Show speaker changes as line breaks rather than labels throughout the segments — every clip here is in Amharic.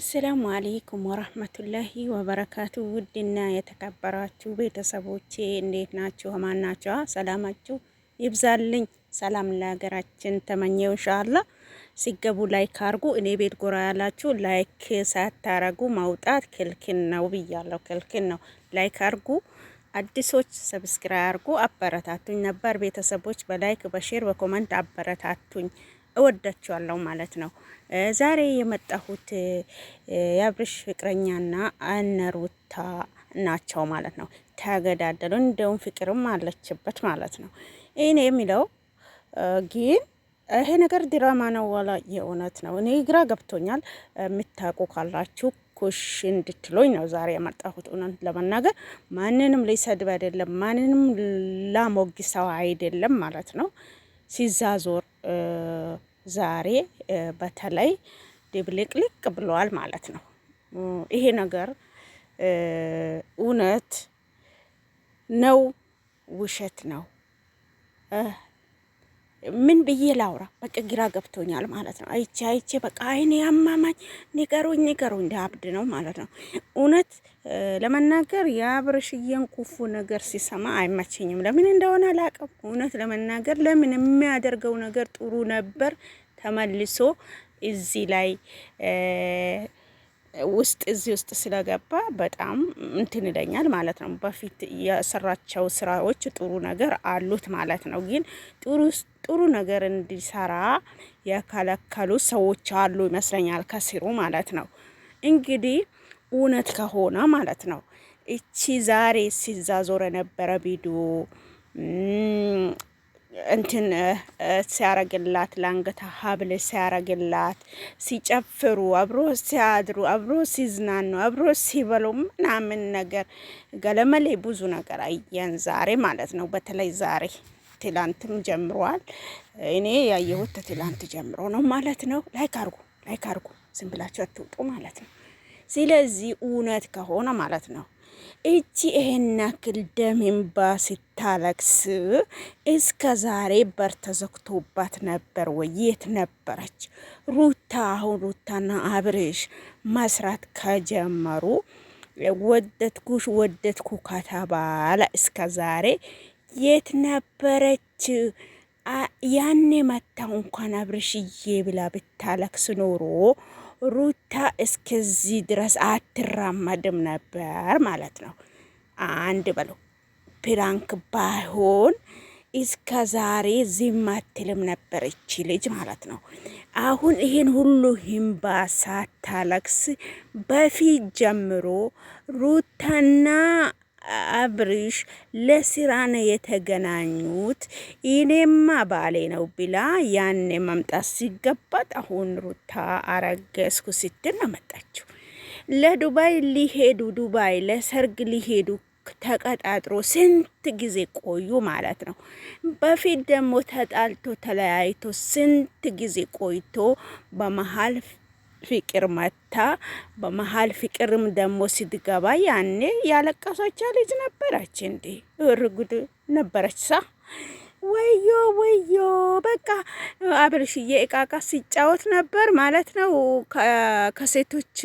አሰላሙ አሌይኩም ወራህመቱላሂ ወበረካቱ። ውድና የተከበራችሁ ቤተሰቦቼ እንዴት ናችሁ? አማን ናችኋ? ሰላማችሁ ይብዛልኝ። ሰላም ለሀገራችን ተመኘው እንሻላ። ሲገቡ ላይክ አርጉ። እኔ ቤት ጎራ ያላችሁ ላይክ ሳታረጉ መውጣት ክልክል ነው ብያለሁ፣ ክልክል ነው። ላይክ አርጉ። አዲሶች ሰብስክራይብ አርጉ። አበረታቱኝ ነበር ቤተሰቦች፣ በላይክ በሼር በኮመንት አበረታቱኝ። እወዳቸዋለሁ ማለት ነው። ዛሬ የመጣሁት የአብርሽ ፍቅረኛና እነሩታ ናቸው ማለት ነው። ተገዳደሉ፣ እንደውም ፍቅርም አለችበት ማለት ነው። ይህን የሚለው ግን ይሄ ነገር ድራማ ነው ዋላ የእውነት ነው? እኔ ግራ ገብቶኛል። የምታውቁ ካላችሁ ኩሽ እንድትሎኝ ነው ዛሬ የመጣሁት። እውነት ለመናገር ማንንም ሊሰድብ አይደለም፣ ማንንም ላሞግ ሰው አይደለም ማለት ነው ሲዛዞር ዛሬ በተለይ ድብልቅልቅ ብለዋል ማለት ነው። ይሄ ነገር እውነት ነው ውሸት ነው? ምን ብዬ ላውራ? በቃ ግራ ገብቶኛል ማለት ነው። አይቼ አይቼ በቃ አይኔ አማማኝ። ንገሩኝ ንገሩኝ፣ እንደ አብድ ነው ማለት ነው። እውነት ለመናገር የአብርሽዬን ኩፉ ነገር ሲሰማ አይመቸኝም። ለምን እንደሆነ አላውቅም። እውነት ለመናገር ለምን የሚያደርገው ነገር ጥሩ ነበር፣ ተመልሶ እዚህ ላይ ውስጥ እዚህ ውስጥ ስለገባ በጣም እንትን ይለኛል ማለት ነው። በፊት የሰራቸው ስራዎች ጥሩ ነገር አሉት ማለት ነው። ግን ጥሩ ጥሩ ነገር እንዲሰራ የከለከሉ ሰዎች አሉ ይመስለኛል ከስሩ ማለት ነው። እንግዲህ እውነት ከሆነ ማለት ነው እቺ ዛሬ ሲዛዞር የነበረ ቪዲዮ እንትን ሲያረግላት ለአንገት ሀብል ሲያረግላት ሲጨፍሩ አብሮ ሲያድሩ አብሮ ሲዝናኑ አብሮ ሲበሉ ምናምን ነገር ገለመሌ ብዙ ነገር አየን ዛሬ ማለት ነው። በተለይ ዛሬ ትላንትም ጀምሯል። እኔ ያየሁት ትላንት ጀምሮ ነው ማለት ነው። ላይክ አርጉ፣ ላይክ አርጉ። ዝም ብላችሁ አትውጡ ማለት ነው። ስለዚህ እውነት ከሆነ ማለት ነው እጅ ይሄን ያክል ደም እንባ ስታለቅስ እስከ ዛሬ በር ተዘግቶባት ነበር ወይ? የት ነበረች ሩታ? አሁን ሩታና አብርሽ መስራት ከጀመሩ ወደድኩሽ ወደድኩ ከተባለ እስከ ዛሬ የት ነበረች? ያኔ መታ እንኳን አብርሽዬ ብላ ብታለቅስ ኖሮ ሩታ እስከዚህ ድረስ አትራመድም ነበር ማለት ነው። አንድ በሉ ፕራንክ ባይሆን እስከ ዛሬ ዝም አትልም ነበር እቺ ልጅ ማለት ነው። አሁን ይህን ሁሉ ሂምባ ሳታለቅስ በፊት ጀምሮ ሩታና አብርሽ ለስራ ነው የተገናኙት፣ እኔማ ባሌ ነው ብላ ያኔ መምጣት ሲገባት አሁን ሩታ አረገዝኩ ስትል ነው መጣችው። ለዱባይ ሊሄዱ ዱባይ ለሰርግ ሊሄዱ ተቀጣጥሮ ስንት ጊዜ ቆዩ ማለት ነው። በፊት ደግሞ ተጣልቶ ተለያይቶ ስንት ጊዜ ቆይቶ በመሀል ፍቅር መታ በመሀል ፍቅርም ደግሞ ስትገባ ያኔ ያለቀሰች ልጅ ነበረች። እንዲ እርጉድ ነበረች ሳ ወዮ ወዮ በቃ አብርሽዬ እቃቃ ሲጫወት ነበር ማለት ነው። ከሴቶች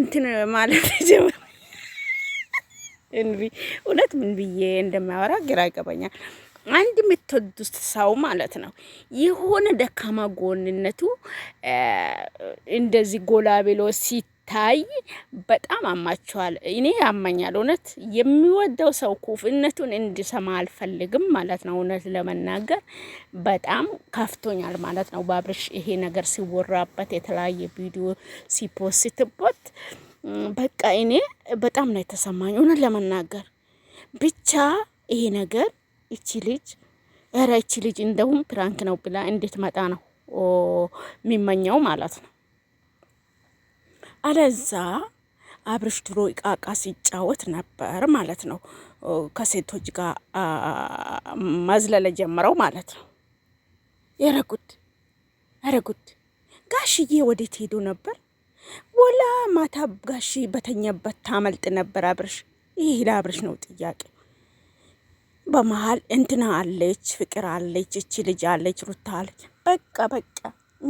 እንትን ማለት ጀመረ። እውነት ምን ብዬ እንደማያወራ ግራ ይገባኛል። አንድ የምትወዱት ሰው ማለት ነው የሆነ ደካማ ጎንነቱ እንደዚህ ጎላ ብሎ ሲታይ በጣም አማችኋል። እኔ ያመኛል። እውነት የሚወደው ሰው ኩፍነቱን እንድሰማ አልፈልግም ማለት ነው። እውነት ለመናገር በጣም ከፍቶኛል ማለት ነው። ባብርሽ ይሄ ነገር ሲወራበት የተለያየ ቪዲዮ ሲፖስትበት በቃ እኔ በጣም ነው የተሰማኝ እውነት ለመናገር ብቻ ይሄ ነገር እቺ ልጅ ኧረ እቺ ልጅ እንደውም ፕራንክ ነው ብላ እንዴት መጣ ነው የሚመኘው ማለት ነው። አለዛ አብርሽ ድሮ ቃቃ ሲጫወት ነበር ማለት ነው። ከሴቶች ጋር መዝለለ ጀምረው ማለት ነው። የረጉድ ረጉድ ጋሽዬ ወዴት ሄዶ ነበር? ወላ ማታ ጋሽ በተኛበት ታመልጥ ነበር አብርሽ። ይህ ለአብርሽ ነው ጥያቄ። በመሀል እንትና አለች፣ ፍቅር አለች፣ እቺ ልጅ አለች፣ ሩታ አለች። በቃ በቃ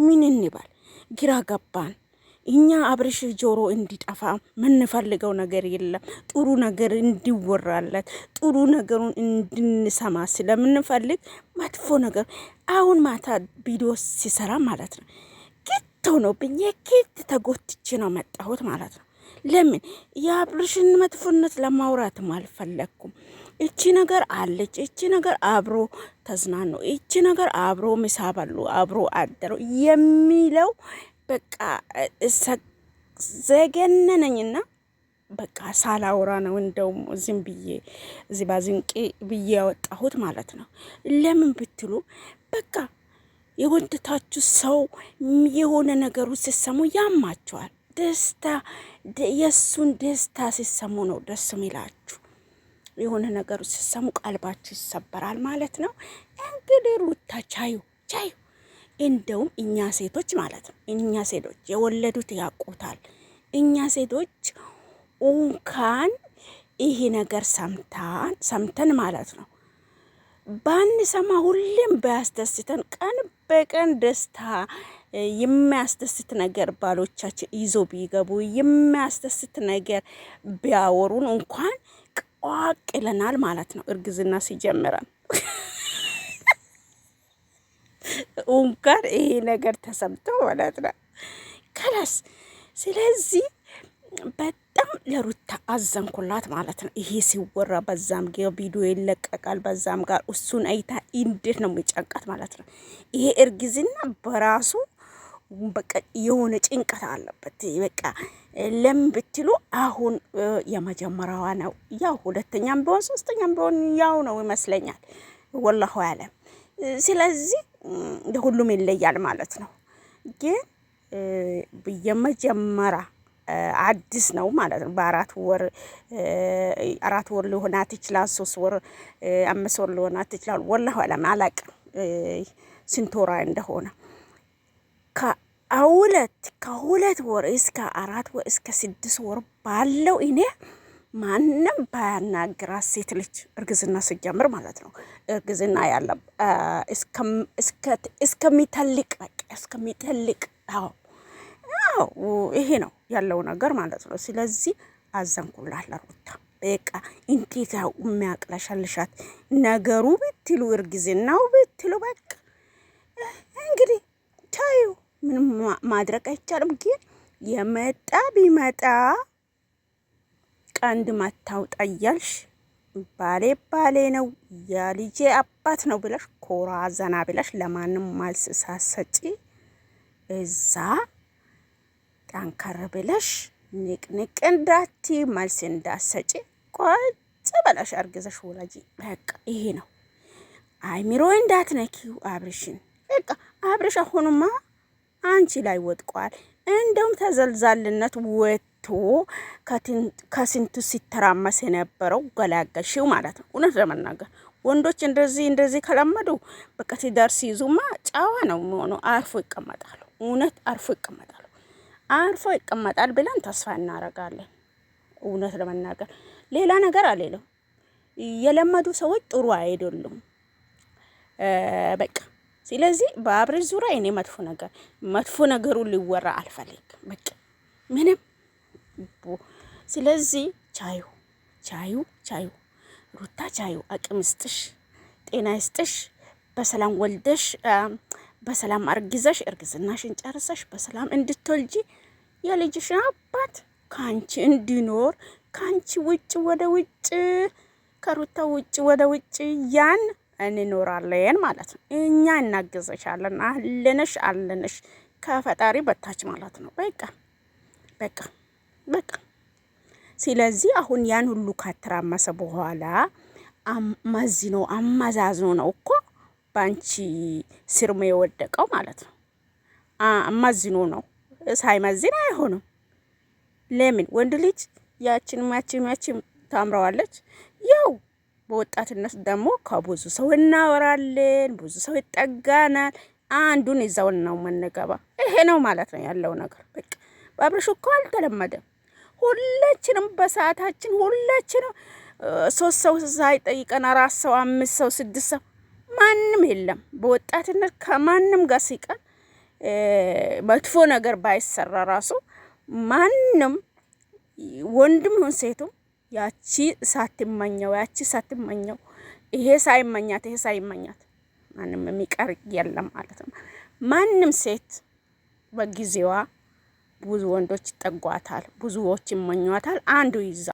ምን እንበል? ግራ ገባን። እኛ አብርሽ ጆሮ እንዲጠፋ ምንፈልገው ነገር የለም። ጥሩ ነገር እንዲወራለት ጥሩ ነገሩን እንድንሰማ ስለምንፈልግ መጥፎ ነገር አሁን ማታ ቪዲዮ ሲሰራ ማለት ነው ግት ሆኖብኝ የኬት ተጎትቼ ነው መጣሁት ማለት ነው። ለምን የአብርሽን መጥፎነት ለማውራትም አልፈለግኩም። እቺ ነገር አለች፣ እቺ ነገር አብሮ ተዝናኑ፣ እቺ ነገር አብሮ ምሳ በሉ፣ አብሮ አደሩ የሚለው በቃ ዘገነነኝና በቃ ሳላውራ ነው እንደውም ዝም ብዬ እዚህ ባዝንቄ ብዬ ያወጣሁት ማለት ነው። ለምን ብትሉ በቃ የወደታችሁ ሰው የሆነ ነገሩ ሲሰሙ ያማቸዋል። ደስታ የእሱን ደስታ ሲሰሙ ነው ደስ የሚላችሁ። የሆነ ነገር ስሰሙ ቀልባችሁ ይሰበራል ማለት ነው። እንግዲህ ሩታ ቻዩ ቻዩ። እንደውም እኛ ሴቶች ማለት ነው እኛ ሴቶች የወለዱት ያውቁታል። እኛ ሴቶች እንኳን ይሄ ነገር ሰምታን ሰምተን ማለት ነው ባንሰማ ሁሌም ባያስደስተን ቀን በቀን ደስታ የሚያስደስት ነገር ባሎቻችን ይዞ ቢገቡ የሚያስደስት ነገር ቢያወሩን እንኳን ቋቅ ይለናል ማለት ነው። እርግዝና ሲጀምረን እንኳን ይሄ ነገር ተሰምቶ ማለት ነው ከላስ ስለዚህ በጣም ለሩታ አዘንኩላት ማለት ነው። ይሄ ሲወራ በዛም ቪዲዮ ይለቀቃል፣ በዛም ጋር እሱን አይታ እንዴት ነው የሚጨንቃት ማለት ነው። ይሄ እርግዝና በራሱ በቃ የሆነ ጭንቀት አለበት በቃ ለምን ብትሉ አሁን የመጀመሪያዋ ነው። ያው ሁለተኛም ቢሆን ሶስተኛም ቢሆን ያው ነው ይመስለኛል፣ ወላሁ አለም። ስለዚህ ሁሉም ይለያል ማለት ነው። ግን የመጀመሪያ አዲስ ነው ማለት ነው። በአራት ወር አራት ወር ሊሆናት ይችላል፣ ሶስት ወር አምስት ወር ሊሆናት ይችላል። ወላሁ አለም አላቅም ስንት ወራ እንደሆነ ሁለት ከሁለት ወር እስከ አራት ወር እስከ ስድስት ወር ባለው እኔ ማንም ባያናግራት ሴት ልጅ እርግዝና ስጀምር ማለት ነው። እርግዝና ያለ እስከሚተልቅ በቃ እስከሚተልቅ፣ ይሄ ነው ያለው ነገር ማለት ነው። ስለዚህ አዘንኩላት ለሩታ። በቃ እንዴት የሚያቅለሻልሻት ነገሩ ብትሉ እርግዝናው ብትሉ በቃ እንግዲህ ታዩ ምንም ማድረግ አይቻልም። ግን የመጣ ቢመጣ ቀንድ ማታውጣ እያልሽ ባሌ ባሌ ነው የልጄ አባት ነው ብለሽ ኮራ ዘና ብለሽ ለማንም ማልስ ሳሰጪ እዛ ጠንከር ብለሽ ንቅንቅ እንዳቲ መልስ እንዳሰጪ ቆጭ በለሽ አርግዘሽ ወላጂ። በቃ ይሄ ነው። አይሚሮ እንዳትነኪው አብርሽን። በቃ አብርሽ አሁንማ አንቺ ላይ ወጥቋል እንደውም ተዘልዛልነት ወጥቶ ከስንቱ ሲተራመስ የነበረው ገላገልሽው ማለት ነው። እውነት ለመናገር ወንዶች እንደዚህ እንደዚህ ከለመዱ በቃ ትዳር ሲይዙማ ጫዋ ነው የሚሆነው። አርፎ ይቀመጣሉ። እውነት አርፎ ይቀመጣሉ። አርፎ ይቀመጣል ብለን ተስፋ እናረጋለን። እውነት ለመናገር ሌላ ነገር አልልም። የለመዱ ሰዎች ጥሩ አይደሉም። በቃ ስለዚህ በአብርሽ ዙሪያ እኔ መጥፎ ነገር መጥፎ ነገሩ ሊወራ አልፈልግም። በቃ ምንም ስለዚህ ቻዩ ቻዩ ቻዩ ሩታ ቻዩ፣ አቅም ይስጥሽ፣ ጤና ይስጥሽ፣ በሰላም ወልደሽ በሰላም አርግዘሽ እርግዝናሽን ጨርሰሽ በሰላም እንድትወልጂ የልጅሽን አባት ከአንቺ እንዲኖር ከአንቺ ውጭ ወደ ውጭ ከሩታ ውጭ ወደ ውጭ ያን እንኖራለን ማለት ነው። እኛ እናግዘሻለን አለንሽ አለንሽ ከፈጣሪ በታች ማለት ነው። በቃ በቃ በቃ። ስለዚህ አሁን ያን ሁሉ ካተራመሰ በኋላ አማዝኖ አመዛዝኖ ነው እኮ በአንቺ ስርም የወደቀው ማለት ነው። አማዝኖ ነው፣ ሳይመዝን አይሆንም። ለምን ወንድ ልጅ ያችን ያችን ያችን ታምረዋለች ያው በወጣትነት ደግሞ ከብዙ ሰው እናወራለን፣ ብዙ ሰው ይጠጋናል። አንዱን ይዘውን ነው መነገባ። ይሄ ነው ማለት ነው ያለው ነገር። በቃ በአብርሽ እኮ አልተለመደም። ሁላችንም በሰዓታችን ሁላችንም ሶስት ሰው ሳይጠይቀን አራት ሰው፣ አምስት ሰው፣ ስድስት ሰው ማንም የለም። በወጣትነት ከማንም ጋር ሲቀን መጥፎ ነገር ባይሰራ ራሱ ማንም ወንድም ይሁን ሴቱም ያቺ ሳትመኘው ያቺ ሳትመኘው ይሄ ሳይመኛት ይሄ ሳይመኛት ማንም የሚቀር የለም ማለት ነው። ማንም ሴት በጊዜዋ ብዙ ወንዶች ይጠጓታል፣ ብዙዎች ይመኟታል። አንዱ ይዛ